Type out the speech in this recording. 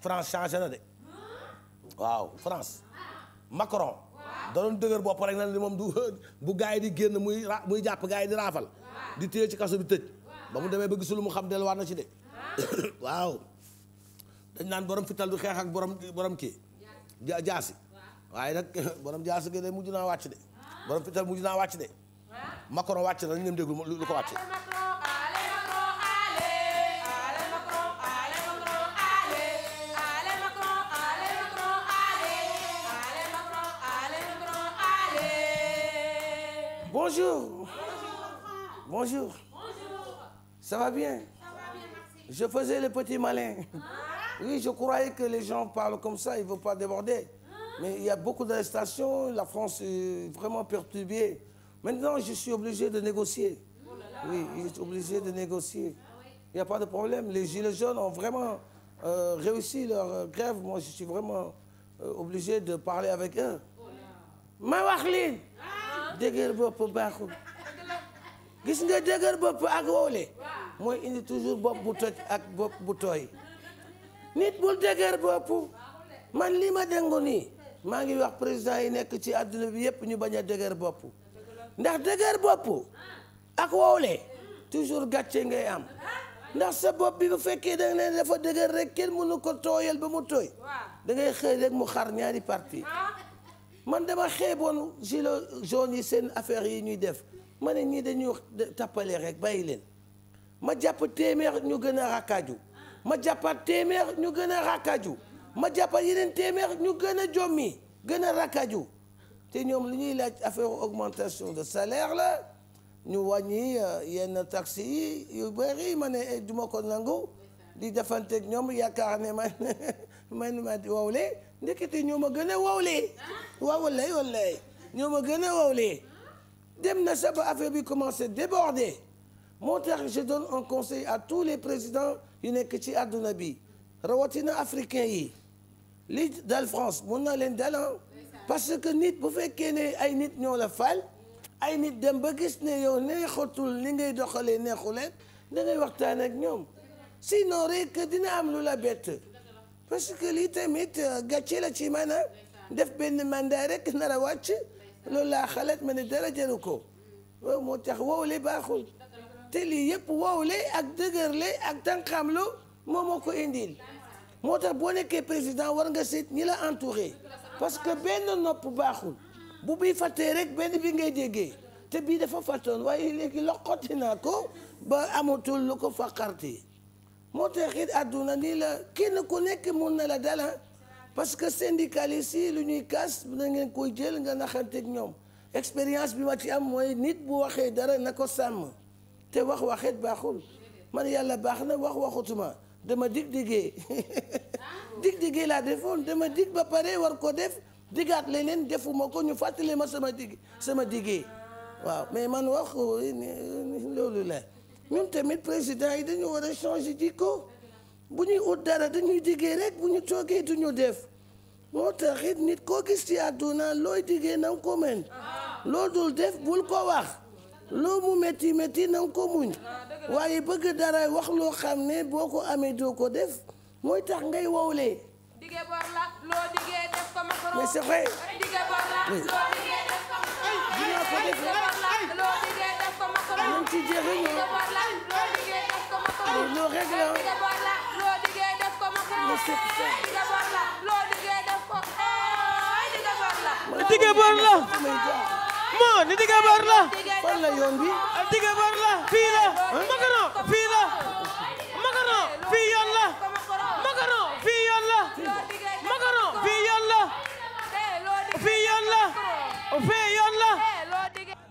France change na de waaw France Macron da doon dëgër bopp rek na li moom du bu gars yi di génn muy ra muy jàpp gars yi di raafal di téye ci kaso bi tëj ba mu demee ba gisul mu xam delluwaat na ci de waaw dañ naan borom fital du xeex ak borom borom kii jaasi waaye nag borom jaasi gi de mujj naa wàcc de ah. borom fital mujj naa wàcc de Macron wàcc na ñu dem déglu lu ko wàcce Bonjour. Bonjour. Bonjour. Bonjour. bien? Ça Je faisais le petit malin. Oui, je croyais que les gens parlent comme ça, ils veulent pas déborder. Mais il y a beaucoup d'arrestations, la France est vraiment perturbée. Maintenant, je suis obligé de négocier. il de négocier. Il n'y a pas de problème, les gilets jaunes ont vraiment euh, réussi leur grève. je suis vraiment euh, obligé de parler avec eux. dëgër bopp baaxul gis nga dëgër bopp ak woole mooy indi toujours bopp bu toj ak bopp bu tooy nit bul dëgër bopp man lii ma dengu nii maa ngi wax président yi nekk ci àdduna bi yépp ñu bañ a dëgër bopp ndax dëgër bopp ak woole toujours gàcce ngay am ndax sa bopp bi bu fekkee da ne dafa dëgër rek kenn mënu ko tooyal ba mu tooy dangay xëy rek mu xar ñaari parti ah. man dama xeeboon gilet jaune yi seen affaire yi ñuy def ma ne ñii dañuy tàppale rek bàyyi leen ma jàpp téeméer ñu gën a rakkaaju ma jàppaat téeméer ñu gën a rakkaaju ma jàppaat yeneen téeméer ñu gën a jommi gën a rakkaaju te ñoom li ñuy laaj affaire augmentation de salaire la ñu wàññi euh, yenn taxi yi yu bëri ma ne eh, duma ko nangu di defanteeg ñoom yaakaar ne man man ma wowlee ndekete ñoo ma gën a wowlee waaw wallaay ñoo ma gën a wowlee dem na sa ba affaire bi commencé déborder moo tax je donne un conseil à tous les présidents yu nekk ci àdduna bi rawatina africain yi li dal France mun na leen dalan parce que nit bu fekkee ne ay nit ñoo la fal ay nit dem ba gis ne yow neexatul li ngay doxalee neexu leen da ngay waxtaan si ñoom sinon rek dina am lu la bett parce que lii tamit gàcce la ci man a def benn mandat rek nar a wàcc loolu laa xalaat ma ne dara ko waaw moo tax woowle baaxul te lii yëpp woowle ak dëgërle ak tànqamlu moom moo ko indil moo tax boo nekkee président war nga seet ñi la entouré parce que benn nopp baaxul bu bii fàttee rek benn bi ngay déggee te bii dafa fàttoon waaye léegi loqoti naa ko ba amatul lu ko faqarti moo taxit àdduna nii la kenn ko nekk mun na la dala ah. parce que syndicaliste yi lu ñuy kaas na ngeen koy jël nga naxanteeg ñoom expérience bi ma ci am mooy nit bu waxee dara na ko sàmm te wax waxet baaxul man yàlla baax na wax waxutuma dama dig diggee dig diggee laa defoon dama dig ba pare war ko def digaat leneen defuma ko ñu fàttale ma sama digg sama diggee waaw mais man wax loolu la ñun tamit président yi dañu war change changer jikko bu ñuy ut dara dañuy diggee rek bu ñu toogee du ñu def moo tax nit ko gis ci àdduna looy diggee na nga ko mën loo dul def bul ko wax loo mu métti métti na ko muñ waaye bëgg dara wax loo xam ne boo ko amee doo ko def mooy tax ngay wowlee. diggee bor la ci jëriñu loolu rek la le secteur. Dige bor la moo ni dige bor la fan la yoon bi dige bor la fii la Macaron fii la Macaron fii yoon la Macaron fii yoon la Macaron fii yoon la fii yoon la